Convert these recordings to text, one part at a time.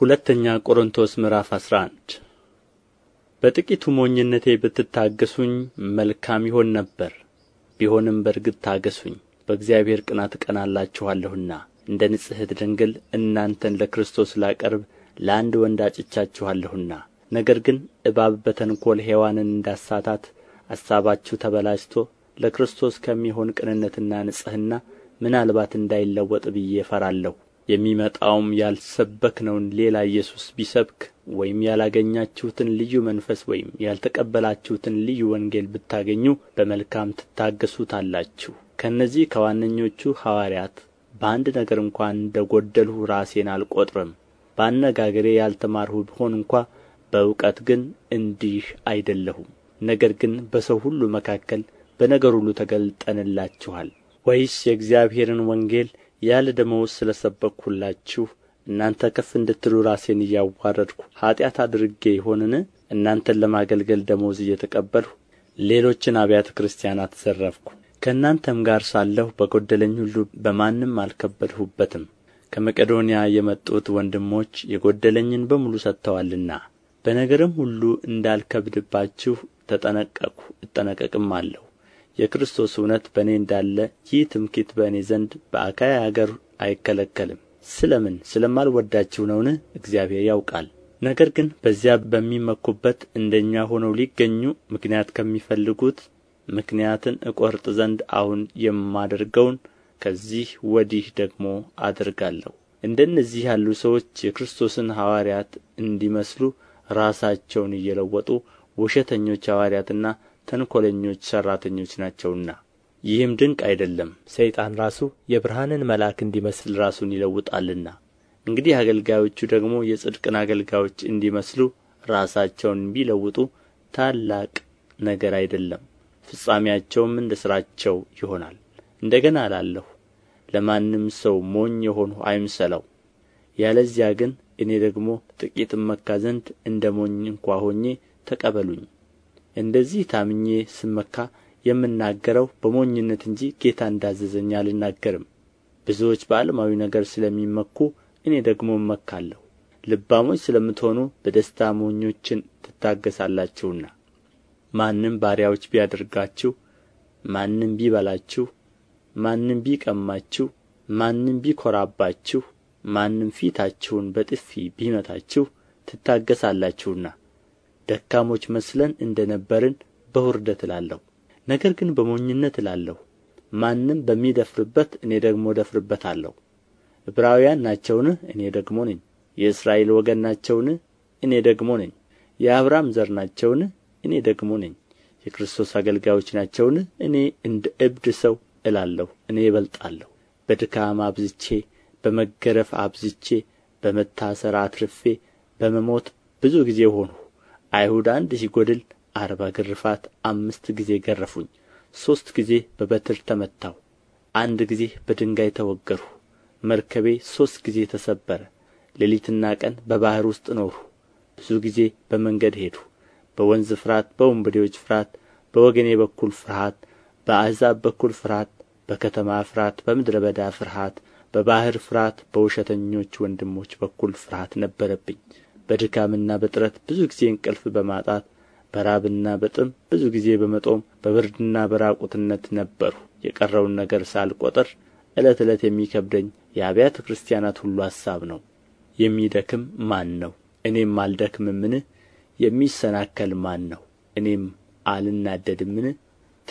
ሁለተኛ ቆሮንቶስ ምዕራፍ 11 በጥቂቱ ሞኝነቴ ብትታገሱኝ መልካም ይሆን ነበር። ቢሆንም በእርግጥ ታገሱኝ፣ በእግዚአብሔር ቅናት እቀናላችኋለሁና። እንደ ንጽሕት ድንግል እናንተን ለክርስቶስ ላቀርብ ለአንድ ወንድ አጭቻችኋለሁና። ነገር ግን እባብ በተንኰል ሔዋንን እንዳሳታት አሳባችሁ ተበላሽቶ ለክርስቶስ ከሚሆን ቅንነትና ንጽሕና ምናልባት እንዳይለወጥ ብዬ እፈራለሁ። የሚመጣውም ያልሰበክነውን ሌላ ኢየሱስ ቢሰብክ ወይም ያላገኛችሁትን ልዩ መንፈስ ወይም ያልተቀበላችሁትን ልዩ ወንጌል ብታገኙ በመልካም ትታገሡታላችሁ ከእነዚህ ከዋነኞቹ ሐዋርያት በአንድ ነገር እንኳ እንደ ጎደልሁ ራሴን አልቆጥርም በአነጋገሬ ያልተማርሁ ብሆን እንኳ በእውቀት ግን እንዲህ አይደለሁም ነገር ግን በሰው ሁሉ መካከል በነገር ሁሉ ተገልጠንላችኋል ወይስ የእግዚአብሔርን ወንጌል ያለ ደመወዝ ስለ ሰበክሁላችሁ እናንተ ከፍ እንድትሉ ራሴን እያዋረድሁ ኃጢአት አድርጌ ይሆንን እናንተን ለማገልገል ደመወዝ እየተቀበልሁ ሌሎችን አብያተ ክርስቲያናት ዘረፍሁ ከእናንተም ጋር ሳለሁ በጎደለኝ ሁሉ በማንም አልከበድሁበትም ከመቄዶንያ የመጡት ወንድሞች የጎደለኝን በሙሉ ሰጥተዋልና በነገርም ሁሉ እንዳልከብድባችሁ ተጠነቀቅሁ እጠነቀቅም አለሁ የክርስቶስ እውነት በእኔ እንዳለ ይህ ትምክህት በእኔ ዘንድ በአካይያ አገር አይከለከልም ስለ ምን ስለማልወዳችሁ ነውን እግዚአብሔር ያውቃል ነገር ግን በዚያ በሚመኩበት እንደ እኛ ሆነው ሊገኙ ምክንያት ከሚፈልጉት ምክንያትን እቆርጥ ዘንድ አሁን የማደርገውን ከዚህ ወዲህ ደግሞ አደርጋለሁ። እንደነዚህ ያሉ ሰዎች የክርስቶስን ሐዋርያት እንዲመስሉ ራሳቸውን እየለወጡ ውሸተኞች ሐዋርያትና ተንኰለኞች ሠራተኞች ናቸውና ይህም ድንቅ አይደለም ሰይጣን ራሱ የብርሃንን መልአክ እንዲመስል ራሱን ይለውጣልና እንግዲህ አገልጋዮቹ ደግሞ የጽድቅን አገልጋዮች እንዲመስሉ ራሳቸውን ቢለውጡ ታላቅ ነገር አይደለም ፍጻሜያቸውም እንደ ሥራቸው ይሆናል እንደ ገና እላለሁ ለማንም ሰው ሞኝ የሆንሁ አይምሰለው ያለዚያ ግን እኔ ደግሞ ጥቂት እመካ ዘንድ እንደ ሞኝ እንኳ ሆኜ ተቀበሉኝ እንደዚህ ታምኜ ስመካ የምናገረው በሞኝነት እንጂ ጌታ እንዳዘዘኝ አልናገርም ብዙዎች በዓለማዊ ነገር ስለሚመኩ እኔ ደግሞ እመካለሁ ልባሞች ስለምትሆኑ በደስታ ሞኞችን ትታገሣላችሁና ማንም ባሪያዎች ቢያደርጋችሁ ማንም ቢበላችሁ ማንም ቢቀማችሁ ማንም ቢኮራባችሁ ማንም ፊታችሁን በጥፊ ቢመታችሁ ትታገሣላችሁና ደካሞች መስለን እንደ ነበርን በውርደት እላለሁ ነገር ግን በሞኝነት እላለሁ ማንም በሚደፍርበት እኔ ደግሞ እደፍርበታለሁ ዕብራውያን ናቸውን እኔ ደግሞ ነኝ የእስራኤል ወገን ናቸውን እኔ ደግሞ ነኝ የአብርሃም ዘር ናቸውን እኔ ደግሞ ነኝ የክርስቶስ አገልጋዮች ናቸውን እኔ እንደ እብድ ሰው እላለሁ እኔ እበልጣለሁ በድካም አብዝቼ በመገረፍ አብዝቼ በመታሰር አትርፌ በመሞት ብዙ ጊዜ ሆንሁ አይሁድ አንድ ሲጎድል አርባ ግርፋት አምስት ጊዜ ገረፉኝ ሦስት ጊዜ በበትር ተመታሁ አንድ ጊዜ በድንጋይ ተወገርሁ መርከቤ ሦስት ጊዜ ተሰበረ ሌሊትና ቀን በባሕር ውስጥ ኖርሁ ብዙ ጊዜ በመንገድ ሄድሁ በወንዝ ፍርሃት በወንበዴዎች ፍርሃት በወገኔ በኩል ፍርሃት በአሕዛብ በኩል ፍርሃት በከተማ ፍርሃት በምድረ በዳ ፍርሃት በባሕር ፍርሃት በውሸተኞች ወንድሞች በኩል ፍርሃት ነበረብኝ በድካምና በጥረት ብዙ ጊዜ እንቅልፍ በማጣት በራብና በጥም ብዙ ጊዜ በመጦም በብርድና በራቁትነት ነበርሁ የቀረውን ነገር ሳልቆጥር ዕለት ዕለት የሚከብደኝ የአብያተ ክርስቲያናት ሁሉ ሐሳብ ነው የሚደክም ማን ነው እኔም አልደክምምን የሚሰናከል ማን ነው እኔም አልናደድምን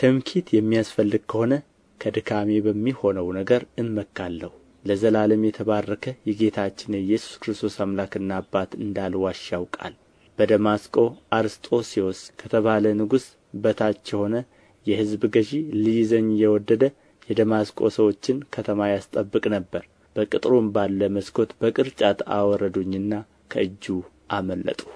ትምኪት የሚያስፈልግ ከሆነ ከድካሜ በሚሆነው ነገር እመካለሁ ለዘላለም የተባረከ የጌታችን የኢየሱስ ክርስቶስ አምላክና አባት እንዳልዋሽ ያውቃል በደማስቆ አርስጦስዮስ ከተባለ ንጉሥ በታች የሆነ የሕዝብ ገዢ ሊይዘኝ የወደደ የደማስቆ ሰዎችን ከተማ ያስጠብቅ ነበር በቅጥሩም ባለ መስኮት በቅርጫት አወረዱኝና ከእጁ አመለጥሁ